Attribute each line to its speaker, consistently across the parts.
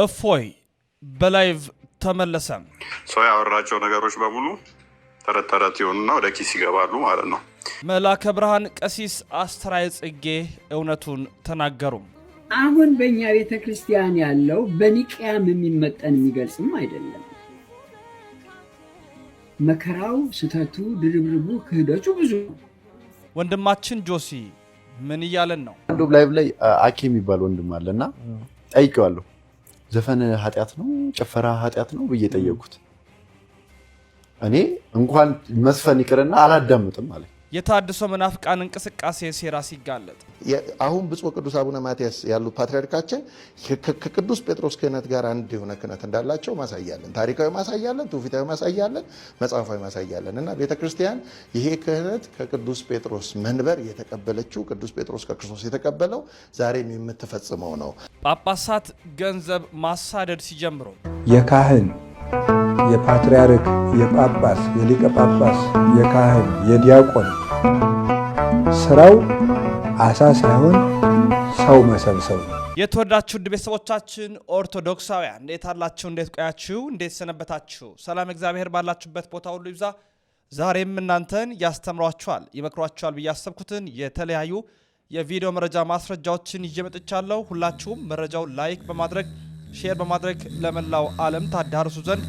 Speaker 1: እፎይ በላይቭ ተመለሰ።
Speaker 2: ሰው ያወራቸው ነገሮች በሙሉ ተረት ተረት ይሆኑና ወደ ኪስ ይገባሉ ማለት ነው።
Speaker 1: መላከ ብርሃን ቀሲስ አስተራየ ጽጌ እውነቱን ተናገሩ።
Speaker 3: አሁን በእኛ ቤተ ክርስቲያን ያለው በኒቅያም የሚመጠን የሚገልጽም አይደለም። መከራው፣ ስተቱ፣ ድርብርቡ፣ ክህደቱ ብዙ ነው።
Speaker 1: ወንድማችን ጆሲ ምን እያለን ነው?
Speaker 4: አንዱ ላይቭ ላይ አኪ የሚባል ወንድም አለ እና ጠይቀዋለሁ ዘፈን ኃጢአት ነው፣ ጭፈራ ኃጢአት ነው ብዬ ጠየቅኩት። እኔ እንኳን መዝፈን ይቅርና አላዳምጥም ማለት
Speaker 1: የታድሶ መናፍቃን እንቅስቃሴ ሴራ ሲጋለጥ
Speaker 4: አሁን ብፁዕ ቅዱስ አቡነ ማትያስ ያሉ ፓትሪያርካችን ከቅዱስ ጴጥሮስ ክህነት ጋር አንድ የሆነ ክህነት እንዳላቸው ማሳያለን፣ ታሪካዊ ማሳያለን፣ ትውፊታዊ ማሳያለን፣ መጽሐፋዊ ማሳያለን እና ቤተ ክርስቲያን ይሄ ክህነት ከቅዱስ ጴጥሮስ መንበር የተቀበለችው ቅዱስ ጴጥሮስ ከክርስቶስ የተቀበለው ዛሬም የምትፈጽመው ነው።
Speaker 1: ጳጳሳት ገንዘብ ማሳደድ ሲጀምሩ
Speaker 4: የካህን የፓትሪያርክ የጳጳስ የሊቀ ጳጳስ የካህን የዲያቆን ስራው አሳ ሳይሆን ሰው መሰብሰብ ነው።
Speaker 1: የተወዳችሁ ውድ ቤተሰቦቻችን ኦርቶዶክሳውያን እንዴት አላችሁ? እንዴት ቆያችሁ? እንዴት ሰነበታችሁ? ሰላም እግዚአብሔር ባላችሁበት ቦታ ሁሉ ይብዛ። ዛሬም እናንተን ያስተምሯችኋል፣ ይመክሯችኋል ብዬ ያሰብኩትን የተለያዩ የቪዲዮ መረጃ ማስረጃዎችን ይዤ መጥቻለሁ። ሁላችሁም መረጃው ላይክ በማድረግ ሼር በማድረግ ለመላው ዓለም ታዳርሱ ዘንድ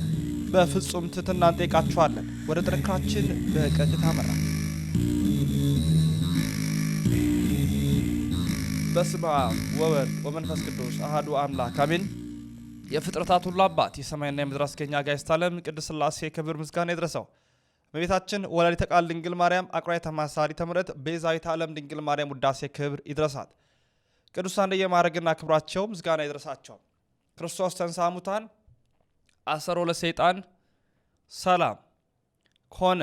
Speaker 1: በፍጹም ትህትና እንጠይቃችኋለን። ወደ ጥንክራችን በቀጥታ መራ በስመ አብ ወወልድ ወመንፈስ ቅዱስ አሐዱ አምላክ አሜን። የፍጥረታት ሁሉ አባት የሰማይና የምድር አስገኛ ጋይስት ዓለም ቅድስት ሥላሴ ክብር ምስጋና ይድረሰው። እመቤታችን ወላዲተ ቃል ድንግል ማርያም አቁራዊተ ተማሳሪተ ተምረት ቤዛዊተ ዓለም ድንግል ማርያም ውዳሴ ክብር ይድረሳት። ቅዱሳን እንደየማዕረግና ክብራቸው ምስጋና ይድረሳቸው። ክርስቶስ ተንሥአ እሙታን አሰሮ ለሰይጣን ሰላም ኮነ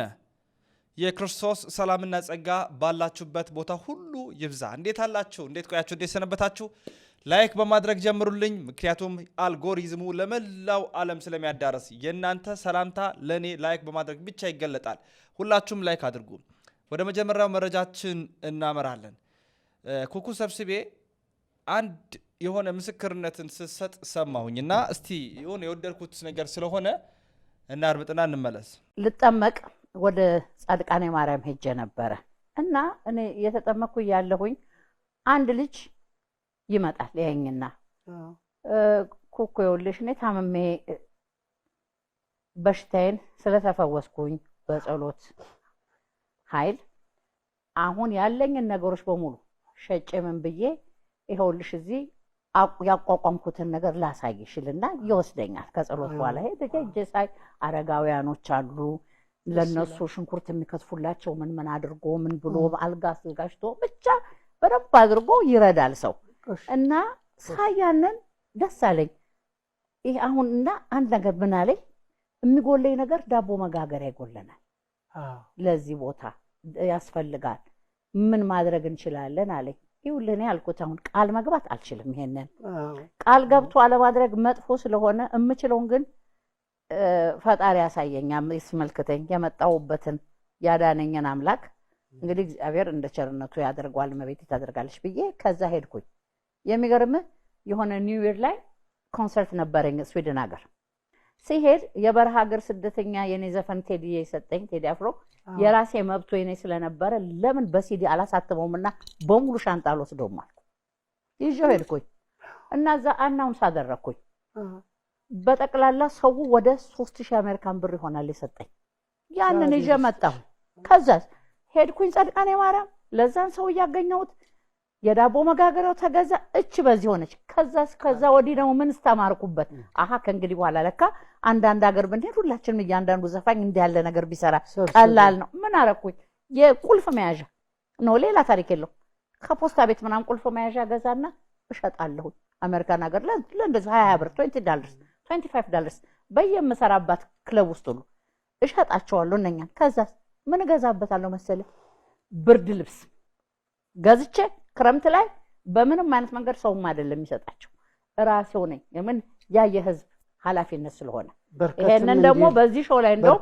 Speaker 1: የክርስቶስ ሰላምና ጸጋ ባላችሁበት ቦታ ሁሉ ይብዛ። እንዴት አላችሁ? እንዴት ቆያችሁ? እንዴት ሰነበታችሁ? ላይክ በማድረግ ጀምሩልኝ፣ ምክንያቱም አልጎሪዝሙ ለመላው ዓለም ስለሚያዳረስ የእናንተ ሰላምታ ለእኔ ላይክ በማድረግ ብቻ ይገለጣል። ሁላችሁም ላይክ አድርጉ። ወደ መጀመሪያው መረጃችን እናመራለን። ኩኩ ሰብስቤ አንድ የሆነ ምስክርነትን ስሰጥ ሰማሁኝ እና እስቲ የሆነ የወደድኩት ነገር ስለሆነ እናድምጥና እንመለስ።
Speaker 3: ልጠመቅ ወደ ጻድቃኔ ማርያም ሄጄ ነበረ እና እኔ እየተጠመኩ እያለሁኝ አንድ ልጅ ይመጣል ያኝና ኩኩ የውልሽ እኔ ታምሜ በሽታዬን ስለተፈወስኩኝ በጸሎት ኃይል አሁን ያለኝን ነገሮች በሙሉ ሸጬ ምን ብዬ ይኸውልሽ እዚህ ያቋቋምኩትን ነገር ላሳይሽልና ይወስደኛል። ከጸሎት በኋላ ሄጄ ሳይ አረጋውያኖች አሉ፣ ለነሱ ሽንኩርት የሚከትፉላቸው ምን ምን አድርጎ ምን ብሎ አልጋ አዘጋጅቶ ብቻ በደንብ አድርጎ ይረዳል ሰው እና ሳያንን ደስ አለኝ። ይህ አሁን እና አንድ ነገር ምን አለኝ የሚጎለኝ ነገር ዳቦ መጋገሪያ ይጎለናል፣ ለዚህ ቦታ ያስፈልጋል፣ ምን ማድረግ እንችላለን አለኝ። ይኸውልህ እኔ አልኩት አሁን ቃል መግባት አልችልም፣ ይሄንን ቃል ገብቶ አለማድረግ መጥፎ ስለሆነ የምችለውን ግን ፈጣሪ ያሳየኝ ያስመልክተኝ የመጣውበትን ያዳነኝን አምላክ እንግዲህ እግዚአብሔር እንደ ቸርነቱ ያደርጓል መቤት ታደርጋለች ብዬ ከዛ ሄድኩኝ። የሚገርምህ የሆነ ኒው ይር ላይ ኮንሰርት ነበረኝ ስዊድን ሀገር ሲሄድ የበረሃ ሀገር ስደተኛ የኔ ዘፈን ቴዲ የሰጠኝ ቴዲ አፍሮ የራሴ መብቶ የኔ ስለነበረ ለምን በሲዲ አላሳትመውም እና በሙሉ ሻንጣ አልወስደውም አልኩ። ይዤው ሄድኩኝ እና እዛ አናውንስ አደረግኩኝ በጠቅላላ ሰው ወደ ሶስት ሺህ አሜሪካን ብር ይሆናል የሰጠኝ። ያንን ይዤ መጣሁ። ከዛ ሄድኩኝ ጸድቃኔ ማርያም ለዛን ሰው እያገኘሁት የዳቦ መጋገሪያው ተገዛ። እች በዚህ ሆነች። ከዛ ከዛ ወዲህ ደግሞ ምን ስተማርኩበት አሀ ከእንግዲህ በኋላ ለካ አንዳንድ ሀገር ብንሄድ ሁላችንም እያንዳንዱ ዘፋኝ እንዲህ ያለ ነገር ቢሰራ ቀላል ነው። ምን አረኩኝ? የቁልፍ መያዣ ነው፣ ሌላ ታሪክ የለው። ከፖስታ ቤት ምናምን ቁልፍ መያዣ ገዛና እሸጣለሁኝ አሜሪካን ሀገር ለእንደዚህ ሀያ ብር ትዌንቲ ዳለርስ 25 ዳለርስ በየምሰራባት ክለብ ውስጥ ሁሉ እሸጣቸዋለሁ። እነኛ ከዛ ምን እገዛበታለሁ መሰለ ብርድ ልብስ ገዝቼ ክረምት ላይ በምንም አይነት መንገድ ሰውም አይደለም የሚሰጣቸው ራሴው ነኝ። የምን ያ የህዝብ ኃላፊነት ስለሆነ ይሄንን ደግሞ በዚህ ሾው ላይ እንደው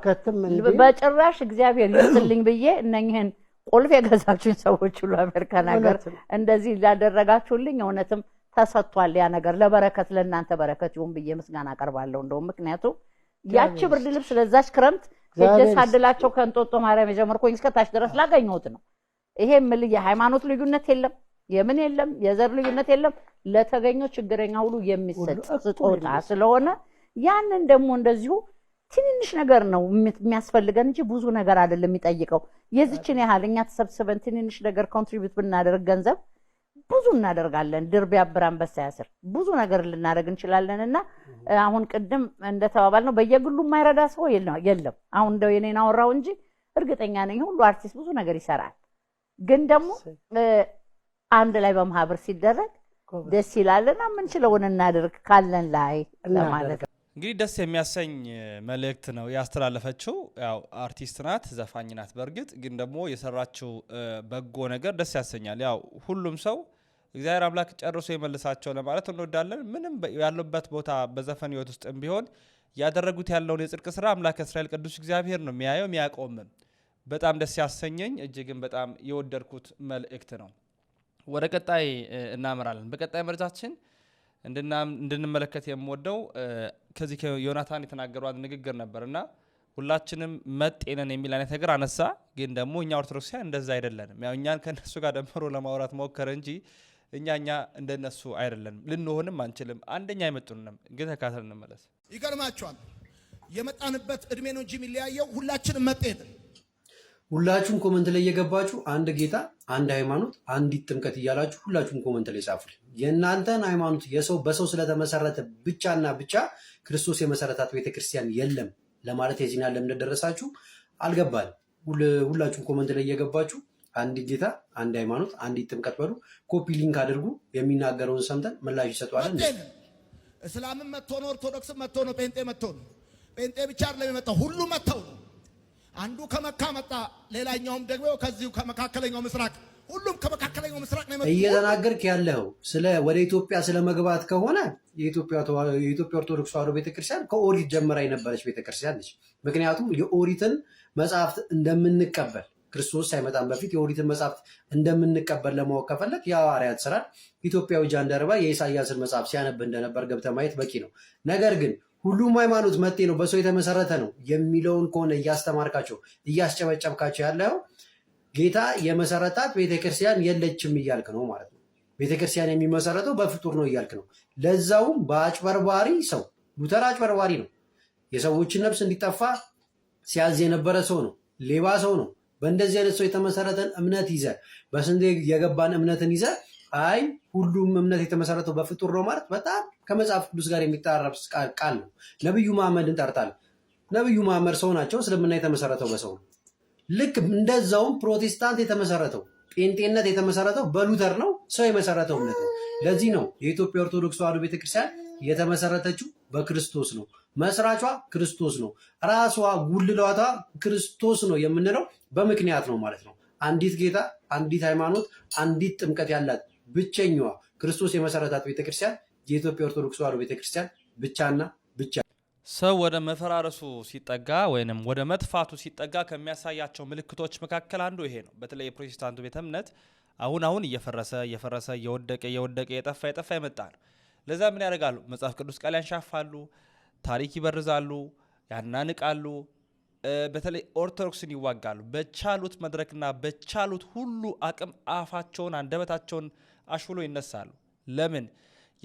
Speaker 3: በጭራሽ እግዚአብሔር ይስጥልኝ ብዬ እነኝህን ቁልፍ የገዛችሁኝ ሰዎች ሁሉ አሜሪካን ሀገር እንደዚህ ላደረጋችሁልኝ እውነትም ተሰጥቷል። ያ ነገር ለበረከት ለእናንተ በረከት ይሁን ብዬ ምስጋና አቀርባለሁ። እንደውም ምክንያቱም ያቺ ብርድ ልብስ ለዛች ክረምት ሳድላቸው ከእንጦጦ ማርያም የጀመርኩኝ እስከታች ድረስ ላገኘሁት ነው። ይሄ ምል የሃይማኖት ልዩነት የለም፣ የምን የለም፣ የዘር ልዩነት የለም። ለተገኘው ችግረኛ ሁሉ የሚሰጥ ስጦታ ስለሆነ ያንን ደግሞ እንደዚሁ ትንንሽ ነገር ነው የሚያስፈልገን እንጂ ብዙ ነገር አይደለም የሚጠይቀው። የዚችን ያህል እኛ ተሰብስበን ትንንሽ ነገር ኮንትሪቢዩት ብናደርግ ገንዘብ ብዙ እናደርጋለን። ድር ቢያብር አንበሳ ያስር ብዙ ነገር ልናደርግ እንችላለን። እና አሁን ቅድም እንደተባባል ነው በየግሉ የማይረዳ ሰው የለም። አሁን እንደው የኔን አወራው እንጂ እርግጠኛ ነኝ ሁሉ አርቲስት ብዙ ነገር ይሰራል። ግን ደግሞ አንድ ላይ በማህበር ሲደረግ ደስ ይላልና ምንችለውን እናደርግ ካለን ላይ ለማለት ነው።
Speaker 1: እንግዲህ ደስ የሚያሰኝ መልእክት ነው ያስተላለፈችው። ያው አርቲስት ናት፣ ዘፋኝ ናት። በእርግጥ ግን ደግሞ የሰራችው በጎ ነገር ደስ ያሰኛል። ያው ሁሉም ሰው እግዚአብሔር አምላክ ጨርሶ የመልሳቸው ለማለት እንወዳለን። ምንም ያለበት ቦታ በዘፈን ህይወት ውስጥም ቢሆን ያደረጉት ያለውን የጽድቅ ስራ አምላክ እስራኤል ቅዱስ እግዚአብሔር ነው የሚያየው የሚያቆምም። በጣም ደስ ያሰኘኝ እጅግም በጣም የወደድኩት መልእክት ነው። ወደ ቀጣይ እናመራለን። በቀጣይ መረጃችን እንድንመለከት የምወደው ከዚህ ዮናታን የተናገሯት ንግግር ነበር እና ሁላችንም መጤነን የሚል አይነት ነገር አነሳ። ግን ደግሞ እኛ ኦርቶዶክሳውያን እንደዛ አይደለንም። ያው እኛን ከእነሱ ጋር ደምሮ ለማውራት ሞከረ እንጂ እኛ እኛ እንደነሱ አይደለንም፣ ልንሆንም አንችልም። አንደኛ አይመጡንም። ግን ተካተል እንመለስ።
Speaker 5: ይገርማቸዋል። የመጣንበት እድሜ ነው እንጂ የሚለያየው ሁላችንም መጤት
Speaker 4: ሁላችሁም ኮመንት ላይ እየገባችሁ አንድ ጌታ፣ አንድ ሃይማኖት፣ አንዲት ጥምቀት እያላችሁ ሁላችሁም ኮመንት ላይ ጻፉል። የእናንተን ሃይማኖት የሰው በሰው ስለተመሰረተ ብቻና ብቻ ክርስቶስ የመሰረታት ቤተክርስቲያን የለም ለማለት የዚህን ያለም እንደደረሳችሁ አልገባል። ሁላችሁም ኮመንት ላይ እየገባችሁ አንድ ጌታ፣ አንድ ሃይማኖት፣ አንድ ጥምቀት በሉ። ኮፒ ሊንክ አድርጉ። የሚናገረውን ሰምተን ምላሽ ይሰጠዋል።
Speaker 5: እስላምም መጥቶ ነው፣ ኦርቶዶክስም መጥቶ ነው፣ ጴንጤ መጥቶ ነው። ጴንጤ ብቻ አይደለም የመጣው፣ ሁሉ መጥተው ነው። አንዱ ከመካ መጣ፣ ሌላኛውም ደግሞ ከዚሁ ከመካከለኛው ምስራቅ፣ ሁሉም ከመካከለኛው ምስራቅ ነው
Speaker 4: የመጣው። እየተናገርክ ያለው ስለ ወደ ኢትዮጵያ ስለ መግባት ከሆነ የኢትዮጵያ ኦርቶዶክስ ተዋህዶ ቤተክርስቲያን ከኦሪት ጀምራ የነበረች ቤተክርስቲያን ነች። ምክንያቱም የኦሪትን መጽሐፍት እንደምንቀበል ክርስቶስ ሳይመጣም በፊት የኦሪትን መጽሐፍት እንደምንቀበል ለማወቅ ከፈለግ የሐዋርያት ስራን ኢትዮጵያዊ ጃንደረባ የኢሳያስን መጽሐፍ ሲያነብ እንደነበር ገብተ ማየት በቂ ነው። ነገር ግን ሁሉም ሃይማኖት መጤ ነው፣ በሰው የተመሰረተ ነው የሚለውን ከሆነ እያስተማርካቸው እያስጨበጨብካቸው ያለው ጌታ የመሰረታት ቤተክርስቲያን የለችም እያልክ ነው ማለት ነው። ቤተክርስቲያን የሚመሰረተው በፍጡር ነው እያልክ ነው። ለዛውም በአጭበርባሪ ሰው። ሉተር አጭበርባሪ ነው። የሰዎችን ነፍስ እንዲጠፋ ሲያዝ የነበረ ሰው ነው። ሌባ ሰው ነው። በእንደዚህ አይነት ሰው የተመሰረተን እምነት ይዘ በስንዴ የገባን እምነትን ይዘ አይ ሁሉም እምነት የተመሰረተው በፍጡር ነው ማለት በጣም ከመጽሐፍ ቅዱስ ጋር የሚጣረብ ቃል ነው። ነብዩ ማመድ እንጠርታል። ነብዩ መሐመድ ሰው ናቸው። እስልምና የተመሰረተው በሰው ነው። ልክ እንደዛውም ፕሮቴስታንት የተመሰረተው ጴንጤነት የተመሰረተው በሉተር ነው። ሰው የመሰረተው እምነት ነው። ለዚህ ነው የኢትዮጵያ ኦርቶዶክስ ተዋህዶ ቤተክርስቲያን የተመሰረተችው በክርስቶስ ነው። መስራቿ ክርስቶስ ነው። ራሷ ጉልላቷ ክርስቶስ ነው የምንለው በምክንያት ነው ማለት ነው። አንዲት ጌታ፣ አንዲት ሃይማኖት፣ አንዲት ጥምቀት ያላት ብቸኛዋ ክርስቶስ የመሰረታት ቤተክርስቲያን የኢትዮጵያ ኦርቶዶክስ ተዋሕዶ ቤተክርስቲያን ብቻና ብቻ።
Speaker 1: ሰው ወደ መፈራረሱ ሲጠጋ ወይም ወደ መጥፋቱ ሲጠጋ ከሚያሳያቸው ምልክቶች መካከል አንዱ ይሄ ነው። በተለይ የፕሮቴስታንቱ ቤተ እምነት አሁን አሁን እየፈረሰ እየፈረሰ እየወደቀ እየወደቀ የጠፋ የጠፋ የመጣ ነው። ለዛ ምን ያደርጋሉ? መጽሐፍ ቅዱስ ቃል ያንሻፋሉ፣ ታሪክ ይበርዛሉ፣ ያናንቃሉ በተለይ ኦርቶዶክስን ይዋጋሉ። በቻሉት መድረክና በቻሉት ሁሉ አቅም አፋቸውን አንደበታቸውን አሽሎ ይነሳሉ። ለምን?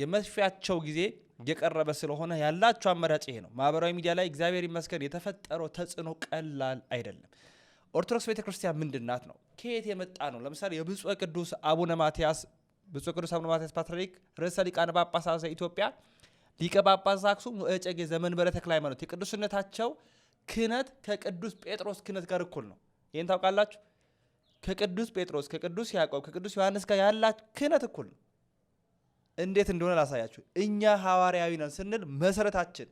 Speaker 1: የመጥፊያቸው ጊዜ የቀረበ ስለሆነ ያላቸው አማራጭ ይሄ ነው። ማህበራዊ ሚዲያ ላይ እግዚአብሔር ይመስገን የተፈጠረው ተጽዕኖ ቀላል አይደለም። ኦርቶዶክስ ቤተክርስቲያን ምንድናት ነው? ከየት የመጣ ነው? ለምሳሌ የብፁዕ ቅዱስ አቡነ ማትያስ ብፁዕ ቅዱስ አቡነ ማትያስ ፓትርያርክ ርዕሰ ሊቃነ ጳጳሳት ዘኢትዮጵያ ሊቀ ጳጳስ ዘአክሱም ወእጨጌ ዘመንበረ ተክለ ሃይማኖት የቅዱስነታቸው ክህነት ከቅዱስ ጴጥሮስ ክህነት ጋር እኩል ነው። ይህን ታውቃላችሁ። ከቅዱስ ጴጥሮስ፣ ከቅዱስ ያዕቆብ፣ ከቅዱስ ዮሐንስ ጋር ያላችሁ ክህነት እኩል ነው። እንዴት እንደሆነ ላሳያችሁ። እኛ ሐዋርያዊ ነን ስንል መሰረታችን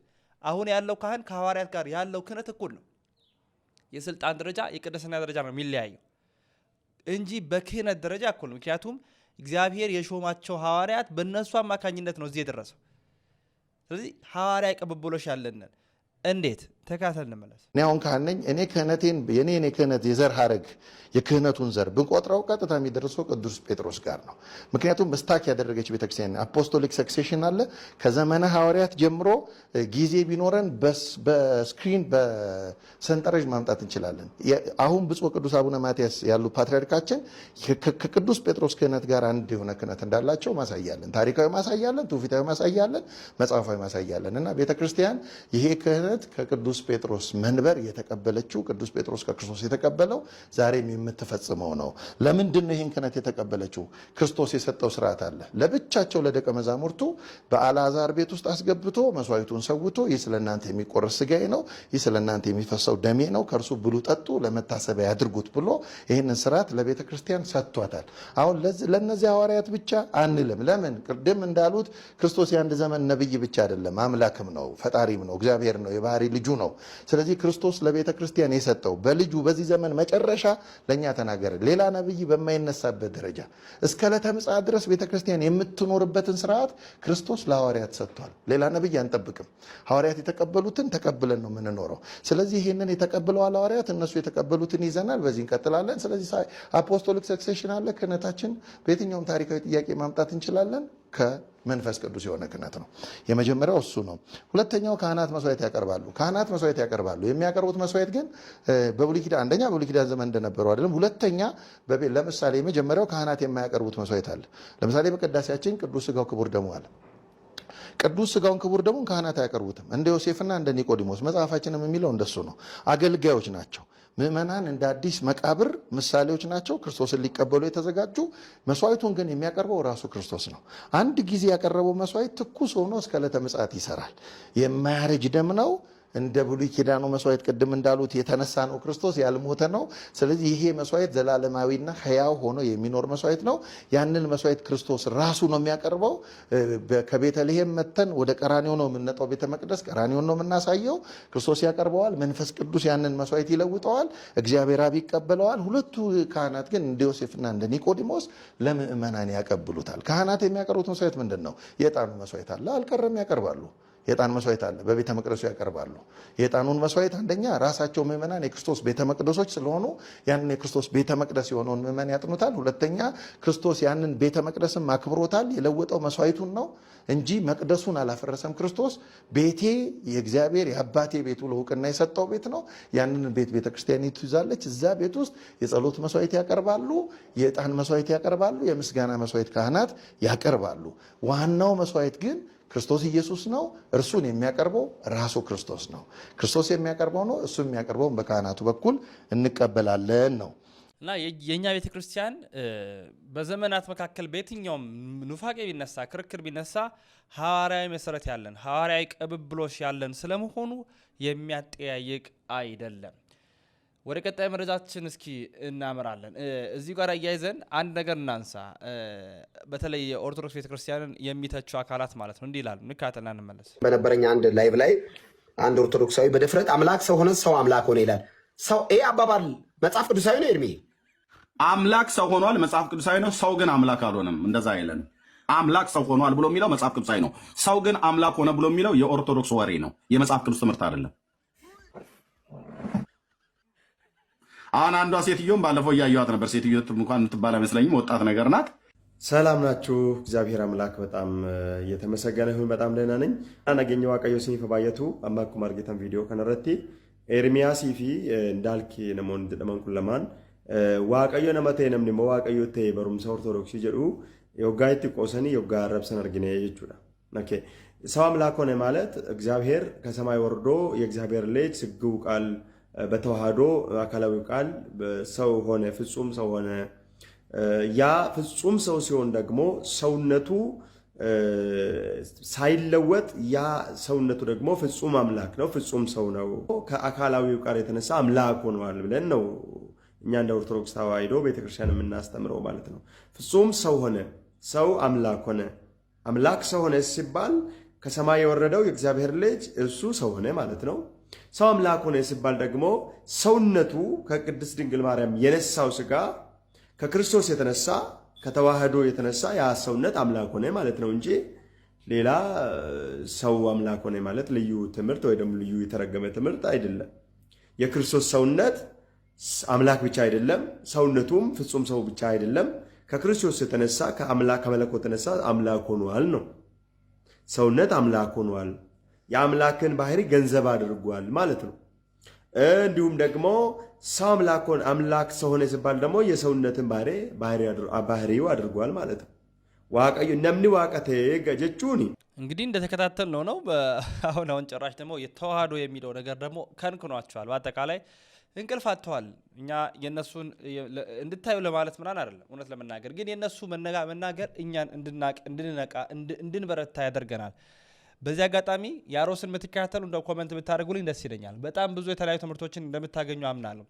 Speaker 1: አሁን ያለው ካህን ከሐዋርያት ጋር ያለው ክህነት እኩል ነው። የስልጣን ደረጃ የቅድስና ደረጃ ነው የሚለያየው እንጂ በክህነት ደረጃ እኩል ነው። ምክንያቱም እግዚአብሔር የሾማቸው ሐዋርያት በእነሱ አማካኝነት ነው እዚህ የደረሰው። ስለዚህ ሐዋርያ ቅብብሎሽ ያለንን እንዴት ተካተል እንመለስ።
Speaker 4: እኔ አሁን ካህን ነኝ። እኔ ክህነቴን የኔን የክህነት የዘር ሀረግ የክህነቱን ዘር ብንቆጥረው ቀጥታ የሚደርሰው ቅዱስ ጴጥሮስ ጋር ነው። ምክንያቱም ስታክ ያደረገች ቤተክርስቲያን አፖስቶሊክ ሰክሴሽን አለ። ከዘመነ ሐዋርያት ጀምሮ ጊዜ ቢኖረን በስክሪን በሰንጠረዥ ማምጣት እንችላለን። አሁን ብፁዕ ቅዱስ አቡነ ማትያስ ያሉ ፓትሪያርካችን ከቅዱስ ጴጥሮስ ክህነት ጋር አንድ የሆነ ክህነት እንዳላቸው ማሳያለን። ታሪካዊ ማሳያለን፣ ትውፊታዊ ማሳያለን፣ መጽሐፋዊ ማሳያለን እና ቤተክርስቲያን ይሄ ክህነት ከቅዱስ ጴጥሮስ መንበር የተቀበለችው ቅዱስ ጴጥሮስ ከክርስቶስ የተቀበለው ዛሬም የምትፈጽመው ነው። ለምንድን ነው ይህን ክህነት የተቀበለችው? ክርስቶስ የሰጠው ስርዓት አለ። ለብቻቸው ለደቀ መዛሙርቱ በአልዓዛር ቤት ውስጥ አስገብቶ መስዋዕቱን ሰውቶ ይህ ስለ እናንተ የሚቆረስ ስጋዬ ነው፣ ይህ ስለ እናንተ የሚፈሰው ደሜ ነው፣ ከእርሱ ብሉ፣ ጠጡ፣ ለመታሰቢያ ያድርጉት ብሎ ይህንን ስርዓት ለቤተ ክርስቲያን ሰጥቷታል። አሁን ለእነዚህ ሐዋርያት ብቻ አንልም። ለምን? ቅድም እንዳሉት ክርስቶስ የአንድ ዘመን ነብይ ብቻ አይደለም፣ አምላክም ነው፣ ፈጣሪም ነው፣ እግዚአብሔር ነው፣ የባህሪ ልጁ ነው። ስለዚህ ክርስቶስ ለቤተ ክርስቲያን የሰጠው በልጁ በዚህ ዘመን መጨረሻ ለእኛ ተናገረ። ሌላ ነብይ በማይነሳበት ደረጃ እስከ ዕለተ ምጽአት ድረስ ቤተ ክርስቲያን የምትኖርበትን ስርዓት ክርስቶስ ለሐዋርያት ሰጥቷል። ሌላ ነብይ አንጠብቅም። ሐዋርያት የተቀበሉትን ተቀብለን ነው የምንኖረው። ስለዚህ ይህንን የተቀብለዋል ሐዋርያት፣ እነሱ የተቀበሉትን ይዘናል። በዚህ እንቀጥላለን። ስለዚህ አፖስቶሊክ ሰክሴሽን አለ። ክህነታችን በየትኛውም ታሪካዊ ጥያቄ ማምጣት እንችላለን። ከመንፈስ ቅዱስ የሆነ ክህነት ነው። የመጀመሪያው እሱ ነው። ሁለተኛው ካህናት መስዋዕት ያቀርባሉ። ካህናት መስዋዕት ያቀርባሉ። የሚያቀርቡት መስዋዕት ግን በብሉይ ኪዳን አንደኛ በብሉይ ኪዳን ዘመን እንደነበረው አይደለም። ሁለተኛ ለምሳሌ የመጀመሪያው ካህናት የማያቀርቡት መስዋዕት አለ። ለምሳሌ በቅዳሴያችን ቅዱስ ስጋው ክቡር ደሙ አለ። ቅዱስ ስጋውን ክቡር ደሙን ካህናት አያቀርቡትም። እንደ ዮሴፍና እንደ ኒቆዲሞስ መጽሐፋችንም የሚለው እንደሱ ነው። አገልጋዮች ናቸው። ምእመናን እንደ አዲስ መቃብር ምሳሌዎች ናቸው፣ ክርስቶስን ሊቀበሉ የተዘጋጁ። መስዋዕቱን ግን የሚያቀርበው ራሱ ክርስቶስ ነው። አንድ ጊዜ ያቀረበው መስዋዕት ትኩስ ሆኖ እስከ ዕለተ ምጽአት ይሰራል። የማያረጅ ደም ነው። እንደ ብሉይ ኪዳኑ መስዋዕት ቅድም እንዳሉት የተነሳ ነው ክርስቶስ ያልሞተ ነው። ስለዚህ ይሄ መስዋዕት ዘላለማዊና ሕያው ሆኖ የሚኖር መስዋዕት ነው። ያንን መስዋዕት ክርስቶስ ራሱ ነው የሚያቀርበው። ከቤተልሔም መተን ወደ ቀራኒዮ ነው የምንነጠው። ቤተ መቅደስ ቀራኒዮን ነው የምናሳየው። ክርስቶስ ያቀርበዋል። መንፈስ ቅዱስ ያንን መስዋዕት ይለውጠዋል። እግዚአብሔር አብ ይቀበለዋል። ሁለቱ ካህናት ግን እንደ ዮሴፍና እንደ ኒቆዲሞስ ለምእመናን ያቀብሉታል። ካህናት የሚያቀርቡት መስዋዕት ምንድን ነው? የዕጣኑ መስዋዕት አለ አልቀረም፣ ያቀርባሉ የጣን መስዋዕት አለ። በቤተ መቅደሱ ያቀርባሉ። የጣኑን መስዋዕት አንደኛ ራሳቸው ምዕመናን የክርስቶስ ቤተ መቅደሶች ስለሆኑ ያንን የክርስቶስ ቤተ መቅደስ የሆነውን ምዕመን ያጥኑታል። ሁለተኛ ክርስቶስ ያንን ቤተ መቅደስም አክብሮታል። የለወጠው መስዋዕቱን ነው እንጂ መቅደሱን አላፈረሰም። ክርስቶስ ቤቴ የእግዚአብሔር የአባቴ ቤት ብሎ እውቅና የሰጠው ቤት ነው። ያንን ቤት ቤተ ክርስቲያን ይዛለች። እዛ ቤት ውስጥ የጸሎት መስዋዕት ያቀርባሉ፣ የዕጣን መስዋዕት ያቀርባሉ፣ የምስጋና መስዋዕት ካህናት ያቀርባሉ። ዋናው መስዋዕት ግን ክርስቶስ ኢየሱስ ነው። እርሱን የሚያቀርበው ራሱ ክርስቶስ ነው። ክርስቶስ የሚያቀርበው ነው፣ እሱ የሚያቀርበውን በካህናቱ በኩል እንቀበላለን ነው
Speaker 1: እና የእኛ ቤተ ክርስቲያን በዘመናት መካከል በየትኛውም ኑፋቄ ቢነሳ፣ ክርክር ቢነሳ ሐዋርያዊ መሰረት ያለን ሐዋርያዊ ቅብብሎች ያለን ስለመሆኑ የሚያጠያይቅ አይደለም። ወደ ቀጣይ መረጃችን እስኪ እናመራለን። እዚህ ጋር እያይዘን አንድ ነገር እናንሳ። በተለይ የኦርቶዶክስ ቤተክርስቲያንን የሚተቹ አካላት ማለት ነው እንዲህ ይላሉ። እንካተልና እንመለስ።
Speaker 4: በነበረኝ አንድ ላይቭ ላይ አንድ ኦርቶዶክሳዊ በድፍረት አምላክ ሰው ሆነ፣ ሰው አምላክ ሆነ ይላል። ሰው ይህ አባባል መጽሐፍ ቅዱሳዊ ነው። ኤርሚ
Speaker 1: አምላክ ሰው ሆኗል፣ መጽሐፍ ቅዱሳዊ ነው። ሰው ግን አምላክ አልሆነም፣ እንደዛ አይለን። አምላክ ሰው ሆኗል ብሎ የሚለው መጽሐፍ ቅዱሳዊ ነው። ሰው ግን አምላክ ሆነ ብሎ የሚለው የኦርቶዶክስ ወሬ ነው፣ የመጽሐፍ ቅዱስ ትምህርት አይደለም። አሁን አንዷ ሴትዮም ባለፈው እያየዋት ነበር። ሴትዮ እንኳን የምትባል አይመስለኝም፣ ወጣት ነገር ናት።
Speaker 6: ሰላም ናችሁ? እግዚአብሔር አምላክ በጣም እየተመሰገነ ይሁን። በጣም ደህና ነኝ። አናገኘ ሲኒፈ ባየቱ አማኩ ማርጌታን ቪዲዮ ከነረቴ ኤርሚያ ሲፊ እንዳልኪ ነሞን ድመንኩን ለማን ዋቀዮ ነመተ ነምኒ መዋቀዮ ቴ በሩምሳ ኦርቶዶክስ ጀዱ የወጋ ቆሰኒ የወጋ ረብሰን እርግኔ ጀቹዳ ሰው አምላክ ሆነ ማለት እግዚአብሔር ከሰማይ ወርዶ የእግዚአብሔር ልጅ ስግው ቃል በተዋህዶ አካላዊ ቃል ሰው ሆነ፣ ፍጹም ሰው ሆነ። ያ ፍጹም ሰው ሲሆን ደግሞ ሰውነቱ ሳይለወጥ ያ ሰውነቱ ደግሞ ፍጹም አምላክ ነው፣ ፍጹም ሰው ነው። ከአካላዊው ቃል የተነሳ አምላክ ሆነዋል ብለን ነው እኛ እንደ ኦርቶዶክስ ተዋሕዶ ቤተክርስቲያን የምናስተምረው ማለት ነው። ፍጹም ሰው ሆነ፣ ሰው አምላክ ሆነ። አምላክ ሰው ሆነ ሲባል ከሰማይ የወረደው የእግዚአብሔር ልጅ እርሱ ሰው ሆነ ማለት ነው። ሰው አምላክ ሆነ ሲባል ደግሞ ሰውነቱ ከቅድስት ድንግል ማርያም የነሳው ስጋ ከክርስቶስ የተነሳ ከተዋህዶ የተነሳ ያ ሰውነት አምላክ ሆነ ማለት ነው እንጂ ሌላ ሰው አምላክ ሆነ ማለት ልዩ ትምህርት ወይ ደግሞ ልዩ የተረገመ ትምህርት አይደለም። የክርስቶስ ሰውነት አምላክ ብቻ አይደለም፣ ሰውነቱም ፍጹም ሰው ብቻ አይደለም። ከክርስቶስ የተነሳ ከአምላክ ከመለኮት የተነሳ አምላክ ሆኗል ነው። ሰውነት አምላክ ሆኗል። የአምላክን ባህሪ ገንዘብ አድርጓል ማለት ነው። እንዲሁም ደግሞ ሰው አምላኮን አምላክ ሰው ሆነ ሲባል ደግሞ የሰውነትን ባህሪው አድርጓል ማለት ነው። ዋቀዩ ነምኒ ዋቀቴ ገጀቹኒ
Speaker 1: እንግዲህ እንደተከታተል ነው ነው አሁን አሁን ጭራሽ ደግሞ የተዋህዶ የሚለው ነገር ደግሞ ከንክኗቸዋል። በአጠቃላይ እንቅልፍ አጥተዋል። እኛ የነሱን እንድታዩ ለማለት ምናን አይደለም፣ እውነት ለመናገር ግን የነሱ መናገር እኛን እንድናቅ፣ እንድንነቃ፣ እንድንበረታ ያደርገናል። በዚህ አጋጣሚ የአሮስን የምትከታተሉ እንደ ኮመንት ብታደርጉልኝ ደስ ይለኛል። በጣም ብዙ የተለያዩ ትምህርቶችን እንደምታገኙ አምናለሁ።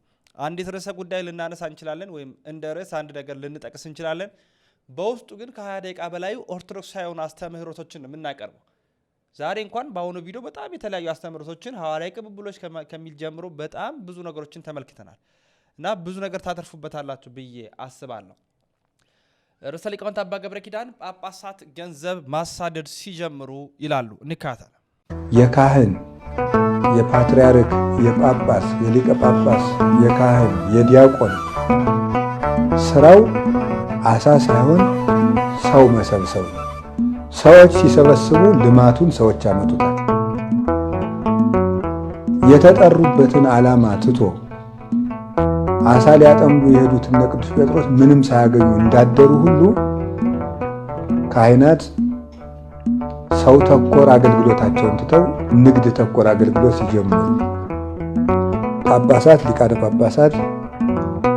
Speaker 1: አንዲት ርዕሰ ጉዳይ ልናነሳ እንችላለን፣ ወይም እንደ ርዕስ አንድ ነገር ልንጠቅስ እንችላለን። በውስጡ ግን ከ20 ደቂቃ በላይ ኦርቶዶክስ የሆኑ አስተምህሮቶችን የምናቀርበው ዛሬ እንኳን በአሁኑ ቪዲዮ በጣም የተለያዩ አስተምህሮቶችን ሐዋርያዊ ቅብብሎች ከሚል ጀምሮ በጣም ብዙ ነገሮችን ተመልክተናል እና ብዙ ነገር ታተርፉበታላችሁ ብዬ አስባለሁ። ርዕሰ ሊቃውንት አባ ገብረ ኪዳን ጳጳሳት ገንዘብ ማሳደድ ሲጀምሩ ይላሉ። እንካተል
Speaker 4: የካህን የፓትርያርክ የጳጳስ የሊቀ ጳጳስ የካህን የዲያቆን ስራው አሳ ሳይሆን ሰው መሰብሰብ ነው። ሰዎች ሲሰበስቡ ልማቱን ሰዎች ያመጡታል። የተጠሩበትን ዓላማ ትቶ ዓሣ ሊያጠምዱ የሄዱትን ቅዱስ ጴጥሮስ ምንም ሳያገኙ እንዳደሩ ሁሉ ካህናት ሰው ተኮር አገልግሎታቸውን ትተው ንግድ ተኮር አገልግሎት ሲጀምሩ፣ ጳጳሳት፣ ሊቃነ ጳጳሳት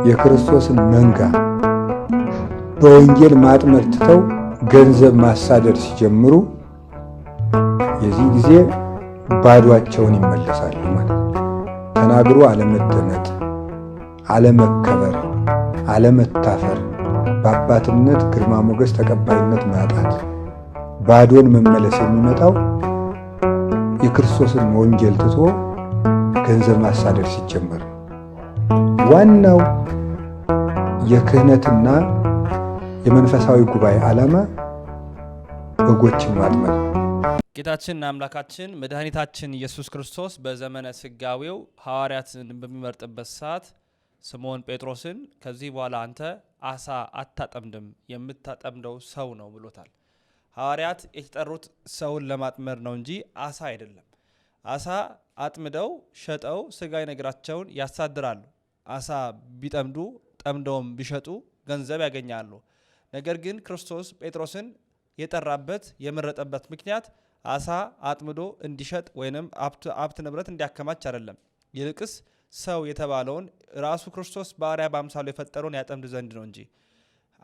Speaker 4: የክርስቶስን መንጋ በወንጌል ማጥመድ ትተው ገንዘብ ማሳደድ ሲጀምሩ የዚህ ጊዜ ባዷቸውን ይመለሳሉ ማለት ተናግሮ አለመደመጥ አለመከበር፣ አለመታፈር፣ በአባትነት ግርማ ሞገስ ተቀባይነት ማጣት፣ ባዶን መመለስ የሚመጣው የክርስቶስን ወንጌል ትቶ ገንዘብ ማሳደድ ሲጀመር ዋናው የክህነትና የመንፈሳዊ ጉባኤ ዓላማ በጎችን ማጥመድ
Speaker 1: ጌታችንና አምላካችን መድኃኒታችን ኢየሱስ ክርስቶስ በዘመነ ስጋዌው ሐዋርያትን በሚመርጥበት ሰዓት ስምዖን ጴጥሮስን ከዚህ በኋላ አንተ አሳ አታጠምድም፣ የምታጠምደው ሰው ነው ብሎታል። ሐዋርያት የተጠሩት ሰውን ለማጥመድ ነው እንጂ አሳ አይደለም። አሳ አጥምደው ሸጠው ስጋዊ ነገራቸውን ያሳድራሉ። አሳ ቢጠምዱ ጠምደውም ቢሸጡ ገንዘብ ያገኛሉ። ነገር ግን ክርስቶስ ጴጥሮስን የጠራበት የመረጠበት ምክንያት አሳ አጥምዶ እንዲሸጥ ወይም ሀብት ንብረት እንዲያከማች አይደለም። ይልቅስ ሰው የተባለውን ራሱ ክርስቶስ ባሪያ በአምሳሉ የፈጠረውን ያጠምድ ዘንድ ነው እንጂ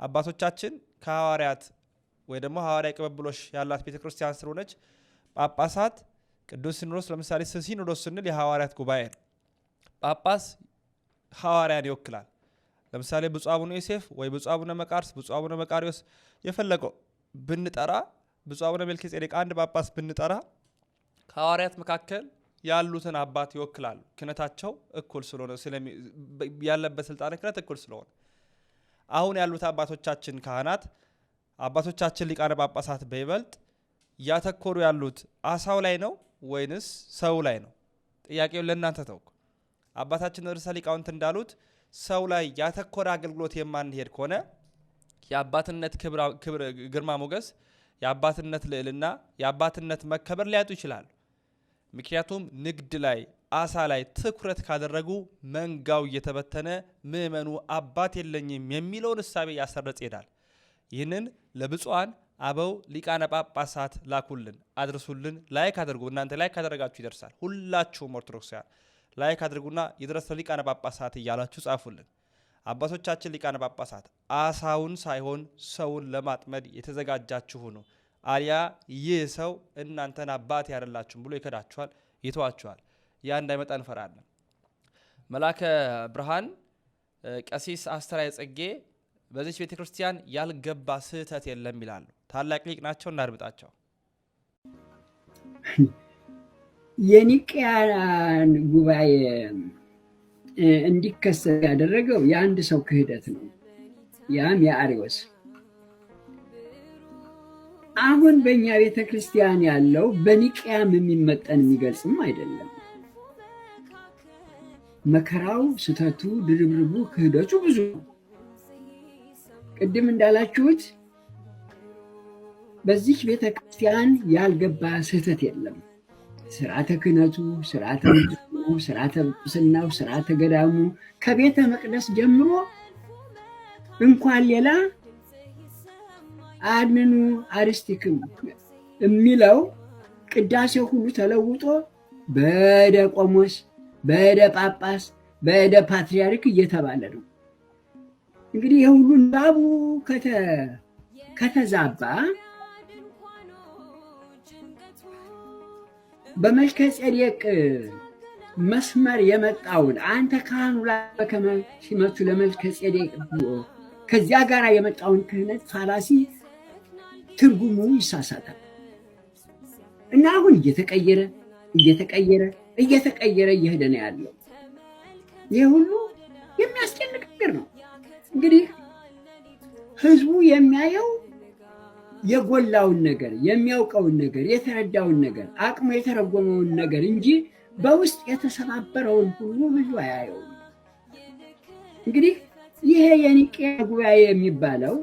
Speaker 1: አባቶቻችን ከሐዋርያት ወይ ደግሞ ሐዋርያ ቅብብሎሽ ያላት ቤተ ክርስቲያን ስር ሆነች። ጳጳሳት ቅዱስ ሲኖዶስ ለምሳሌ ሲኖዶስ ስንል የሐዋርያት ጉባኤ ነው። ጳጳስ ሐዋርያን ይወክላል። ለምሳሌ ብፁ አቡነ ዮሴፍ ወይ ብፁ አቡነ መቃርስ፣ ብፁ አቡነ መቃሪዎስ የፈለገው ብንጠራ፣ ብፁ አቡነ ሜልኪ ጼዴቅ አንድ ጳጳስ ብንጠራ ከሐዋርያት መካከል ያሉትን አባት ይወክላሉ። ክህነታቸው እኩል ስለሆነ ያለበት ስልጣነ ክህነት እኩል ስለሆነ አሁን ያሉት አባቶቻችን ካህናት አባቶቻችን ሊቃነ ጳጳሳት በይበልጥ ያተኮሩ ያሉት አሳው ላይ ነው ወይንስ ሰው ላይ ነው? ጥያቄውን ለእናንተ ተውኩ። አባታችን ርዕሰ ሊቃውንት እንዳሉት ሰው ላይ ያተኮረ አገልግሎት የማንሄድ ከሆነ የአባትነት ግርማ ሞገስ፣ የአባትነት ልዕልና፣ የአባትነት መከበር ሊያጡ ይችላሉ። ምክንያቱም ንግድ ላይ አሳ ላይ ትኩረት ካደረጉ መንጋው እየተበተነ ምእመኑ አባት የለኝም የሚለውን እሳቤ ያሰረጽ ይሄዳል። ይህንን ለብፁዓን አበው ሊቃነ ጳጳሳት ላኩልን፣ አድርሱልን። ላይክ አድርጉ። እናንተ ላይክ ካደረጋችሁ ይደርሳል። ሁላችሁም ኦርቶዶክሳውያን ላይክ አድርጉና ይድረስ ለሊቃነ ጳጳሳት እያላችሁ ጻፉልን። አባቶቻችን ሊቃነ ጳጳሳት አሳውን ሳይሆን ሰውን ለማጥመድ የተዘጋጃችሁ ነው። አሊያ ይህ ሰው እናንተን አባት ያደላችሁም ብሎ ይከዳችኋል፣ ይተዋችኋል። ያ እንዳይመጣ እንፈራለን። መላከ ብርሃን ቀሲስ አስተራየ ጽጌ በዚች ቤተ ክርስቲያን ያልገባ ስህተት የለም ይላሉ። ታላቅ ሊቅ ናቸው። እናድምጣቸው።
Speaker 3: የኒቅያን ጉባኤ እንዲከሰት ያደረገው የአንድ ሰው ክህደት ነው። ያም የአሪዎስ አሁን በእኛ ቤተ ክርስቲያን ያለው በኒቅያም የሚመጠን የሚገልጽም አይደለም። መከራው፣ ስተቱ፣ ድርብርቡ፣ ክህደቱ ብዙ ነው። ቅድም እንዳላችሁት በዚህ ቤተ ክርስቲያን ያልገባ ስህተት የለም። ስርዓተ ክህነቱ፣ ስርዓተ ስርዓተ ስናው፣ ስርዓተ ገዳሙ ከቤተ መቅደስ ጀምሮ እንኳን ሌላ አድምኑ አርስቲክም የሚለው ቅዳሴ ሁሉ ተለውጦ በደ ቆሞስ፣ በደ ጳጳስ፣ በደ ፓትሪያርክ እየተባለ ነው። እንግዲህ ይህ ሁሉ ላቡ ከተዛባ በመልከ ጼዴቅ መስመር የመጣውን አንተ ካህኑ ላበከመ ሲመቱ ለመልከ ጼዴቅ ከዚያ ጋር የመጣውን ክህነት ፋላሲ ትርጉሙ ይሳሳታል እና አሁን እየተቀየረ እየተቀየረ እየተቀየረ እየሄደ ነው ያለው። ይህ ሁሉ የሚያስጨንቅ ነገር ነው። እንግዲህ ህዝቡ የሚያየው የጎላውን ነገር የሚያውቀውን ነገር የተረዳውን ነገር አቅሙ የተረጎመውን ነገር እንጂ በውስጥ የተሰባበረውን ሁሉ ብዙ አያየውም። እንግዲህ ይሄ የኒቄያ ጉባኤ የሚባለው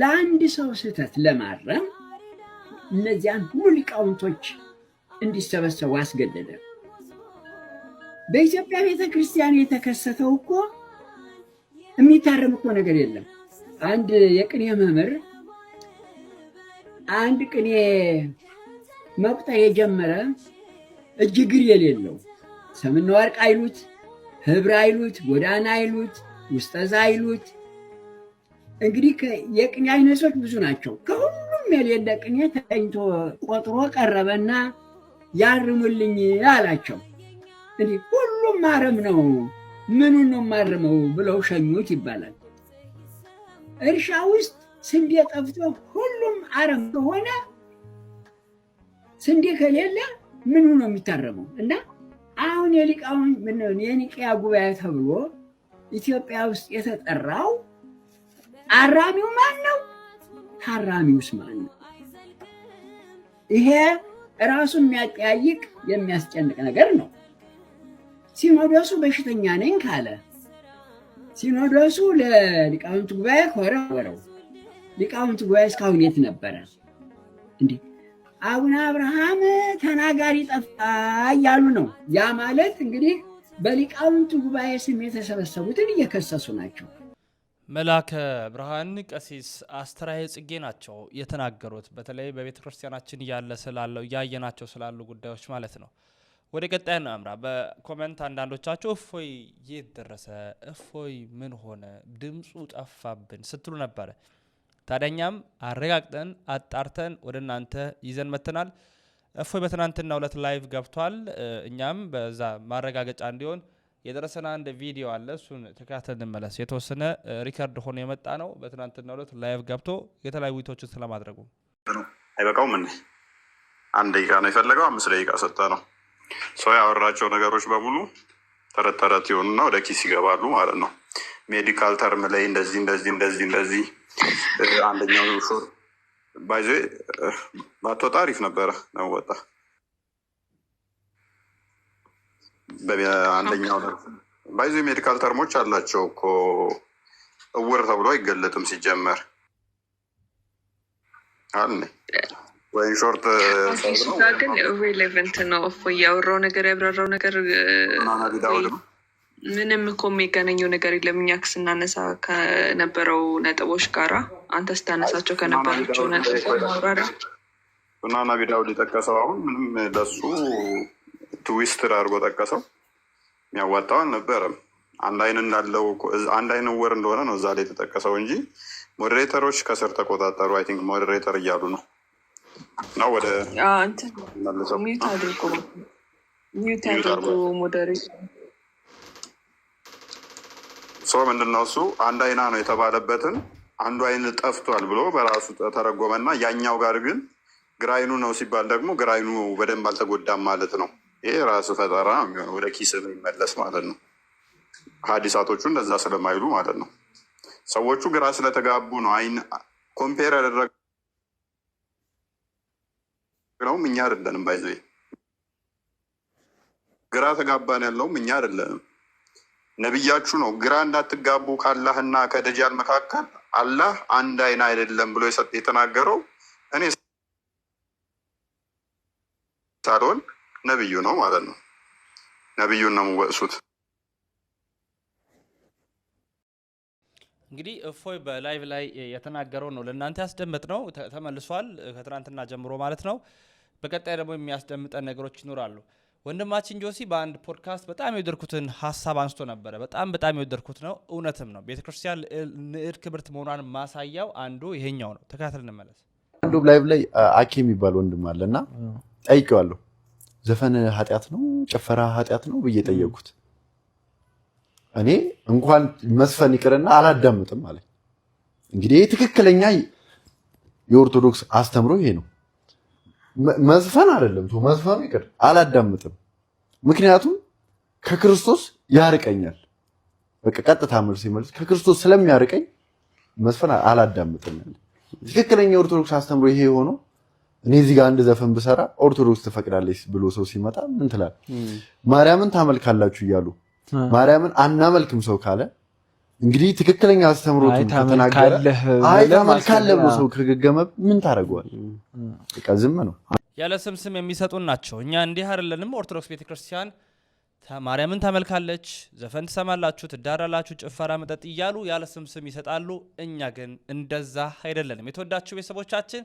Speaker 3: ለአንድ ሰው ስህተት ለማረም እነዚያን ሁሉ ሊቃውንቶች እንዲሰበሰቡ አስገደደ። በኢትዮጵያ ቤተ ክርስቲያን የተከሰተው እኮ የሚታረም እኮ ነገር የለም። አንድ የቅኔ መምህር አንድ ቅኔ መቁጠር የጀመረ እጅግር የሌለው ሰምና ወርቅ አይሉት፣ ህብር አይሉት፣ ጎዳና አይሉት፣ ውስጠዛ አይሉት እንግዲህ የቅኔ አይነቶች ብዙ ናቸው። ከሁሉም የሌለ ቅኔ ተኝቶ ቆጥሮ ቀረበና ያርሙልኝ አላቸው። እንዲህ ሁሉም ማረም ነው፣ ምኑን ነው ማርመው ብለው ሸኙት ይባላል። እርሻ ውስጥ ስንዴ ጠፍቶ ሁሉም አረም ከሆነ ስንዴ ከሌለ ምኑ ነው የሚታረመው? እና አሁን የሊቃውን የኒቅያ ጉባኤ ተብሎ ኢትዮጵያ ውስጥ የተጠራው አራሚው ማን ነው? ታራሚውስ ማን ነው? ይሄ እራሱ የሚያጠያይቅ የሚያስጨንቅ ነገር ነው። ሲኖዶሱ በሽተኛ ነኝ ካለ ሲኖዶሱ ለሊቃውንት ጉባኤ ወረው ሊቃውንት ጉባኤ እስካሁን የት ነበረ? እንዲህ አቡነ አብርሃም ተናጋሪ ጠፋ እያሉ ነው። ያ ማለት እንግዲህ በሊቃውንት ጉባኤ ስም የተሰበሰቡትን እየከሰሱ ናቸው።
Speaker 1: መላከ ብርሃን ቀሲስ አስተራየ ጽጌ ናቸው የተናገሩት። በተለይ በቤተ ክርስቲያናችን እያለ ስላለው እያየናቸው ስላሉ ጉዳዮች ማለት ነው። ወደ ቀጣይ ነው አምራ በኮመንት አንዳንዶቻቸው እፎይ የት ደረሰ፣ እፎይ ምን ሆነ፣ ድምፁ ጠፋብን ስትሉ ነበረ። ታዲያኛም አረጋግጠን አጣርተን ወደ እናንተ ይዘን መተናል። እፎይ በትናንትና ሁለት ላይቭ ገብቷል። እኛም በዛ ማረጋገጫ እንዲሆን የደረሰን አንድ ቪዲዮ አለ። እሱን ተከታተል እንመለስ። የተወሰነ ሪከርድ ሆኖ የመጣ ነው። በትናንትናው ዕለት ላይቭ ገብቶ የተለያዩ ውይይቶችን ስለማድረጉ
Speaker 2: አይበቃውም። ምን አንድ ደቂቃ ነው የፈለገው፣ አምስት ደቂቃ ሰጠ ነው። ሰው ያወራቸው ነገሮች በሙሉ ተረት ተረት የሆኑና ወደ ኪስ ይገባሉ ማለት ነው። ሜዲካል ተርም ላይ እንደዚህ እንደዚህ እንደዚህ እንደዚህ አንደኛው ሾር ባይዞ ባትወጣ አሪፍ ነበረ ነው ወጣ አንደኛው ባይዞ የሜዲካል ተርሞች አላቸው እኮ እውር ተብሎ አይገለጥም ሲጀመር አለ ወይም ሾርት
Speaker 7: ግን ሬሌቨንት ነው እ ያወራው ነገር ያብራራው ነገር ምንም እኮ የሚገናኘው ነገር የለም። እኛ ስናነሳ ከነበረው ነጥቦች ጋራ አንተ ስታነሳቸው ከነበራቸው
Speaker 2: ነጥቦች ማብራሪያ ቡናና ቢዳው ሊጠቀሰው አሁን ምንም ለሱ ትዊስትር አድርጎ ጠቀሰው። የሚያዋጣው አልነበረም። አንድ አይን እንዳለው አንድ አይን እውር እንደሆነ ነው እዛ ላይ የተጠቀሰው እንጂ ሞዴሬተሮች ከስር ተቆጣጠሩ። አይ ቲንክ ሞዴሬተር እያሉ ነው እና ወደ ሶ ምንድን ነው እሱ አንድ አይና ነው የተባለበትን አንዱ አይን ጠፍቷል ብሎ በራሱ ተረጎመና ያኛው ጋር ግን ግራይኑ ነው ሲባል ደግሞ ግራይኑ በደንብ አልተጎዳም ማለት ነው። ይሄ ራሱ ፈጠራ የሚሆነ ወደ ኪስ የሚመለስ ማለት ነው። ሀዲሳቶቹ እንደዛ ስለማይሉ ማለት ነው። ሰዎቹ ግራ ስለተጋቡ ነው። አይን ኮምፔር ያደረግነውም እኛ አይደለንም። ባይዘ ግራ ተጋባን ያለውም እኛ አይደለንም። ነቢያችሁ ነው ግራ እንዳትጋቡ ካላህና ከደጃል መካከል አላህ አንድ አይን አይደለም ብሎ የተናገረው እኔ ሳልሆን ነብዩ ነው ማለት ነው። ነብዩን ነው የሚወቅሱት።
Speaker 1: እንግዲህ እፎይ በላይቭ ላይ የተናገረው ነው ለእናንተ ያስደምጥ ነው ተመልሷል፣ ከትናንትና ጀምሮ ማለት ነው። በቀጣይ ደግሞ የሚያስደምጠን ነገሮች ይኖራሉ። ወንድማችን ጆሲ በአንድ ፖድካስት በጣም የወደድኩትን ሀሳብ አንስቶ ነበረ። በጣም በጣም የወደድኩት ነው፣ እውነትም ነው። ቤተክርስቲያን ንዕድ ክብርት መሆኗን ማሳያው አንዱ ይሄኛው ነው። ተከታተል እንመለስ።
Speaker 4: አንዱ ላይቭ ላይ አኬ የሚባል ወንድም አለ እና ጠይቀዋለሁ ዘፈን ኃጢአት ነው፣ ጭፈራ ኃጢአት ነው ብዬ ጠየቅኩት። እኔ እንኳን መስፈን ይቅርና አላዳምጥም አለኝ። እንግዲህ ይህ ትክክለኛ የኦርቶዶክስ አስተምሮ ይሄ ነው። መዝፈን አይደለም መዝፈኑ ይቅር፣ አላዳምጥም። ምክንያቱም ከክርስቶስ ያርቀኛል። በቃ ቀጥታ መልስ መልስ ከክርስቶስ ስለሚያርቀኝ መዝፈን አላዳምጥም። ትክክለኛ የኦርቶዶክስ አስተምሮ ይሄ የሆነው እኔ እዚህ ጋር አንድ ዘፈን ብሰራ ኦርቶዶክስ ትፈቅዳለች ብሎ ሰው ሲመጣ ምን ትላል? ማርያምን ታመልካላችሁ እያሉ ማርያምን አናመልክም ሰው ካለ እንግዲህ ትክክለኛ አስተምሮት ተናገረ። አይ ታመልካለህ ብሎ ሰው ከገገመ ምን ታደርገዋል? ዝም ነው።
Speaker 1: ያለ ስም ስም የሚሰጡን ናቸው። እኛ እንዲህ አይደለንም። ኦርቶዶክስ ቤተክርስቲያን ማርያምን ታመልካለች፣ ዘፈን ትሰማላችሁ፣ ትዳራላችሁ፣ ጭፈራ፣ መጠጥ እያሉ ያለ ስም ስም ይሰጣሉ። እኛ ግን እንደዛ አይደለንም። የተወዳችሁ ቤተሰቦቻችን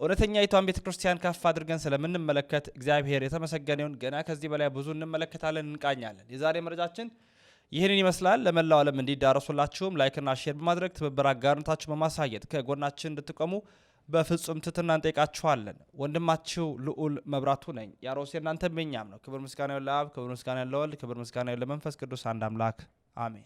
Speaker 1: እውነተኛ ይቷን ቤተ ክርስቲያን ከፍ አድርገን ስለምንመለከት እግዚአብሔር የተመሰገነውን ገና ከዚህ በላይ ብዙ እንመለከታለን፣ እንቃኛለን። የዛሬ መረጃችን ይህንን ይመስላል። ለመላው ዓለም እንዲዳረሱላችሁም ላይክና ሼር በማድረግ ትብብር አጋርነታችሁ በማሳየት ከጎናችን እንድትቆሙ በፍጹም ትትና እንጠይቃችኋለን። ወንድማችሁ ልዑል መብራቱ ነኝ። ያሮሴ እናንተ የኛም ነው። ክብር ምስጋና ለአብ፣ ክብር ምስጋና ለወልድ፣ ክብር ምስጋና ለመንፈስ ቅዱስ አንድ አምላክ አሜን።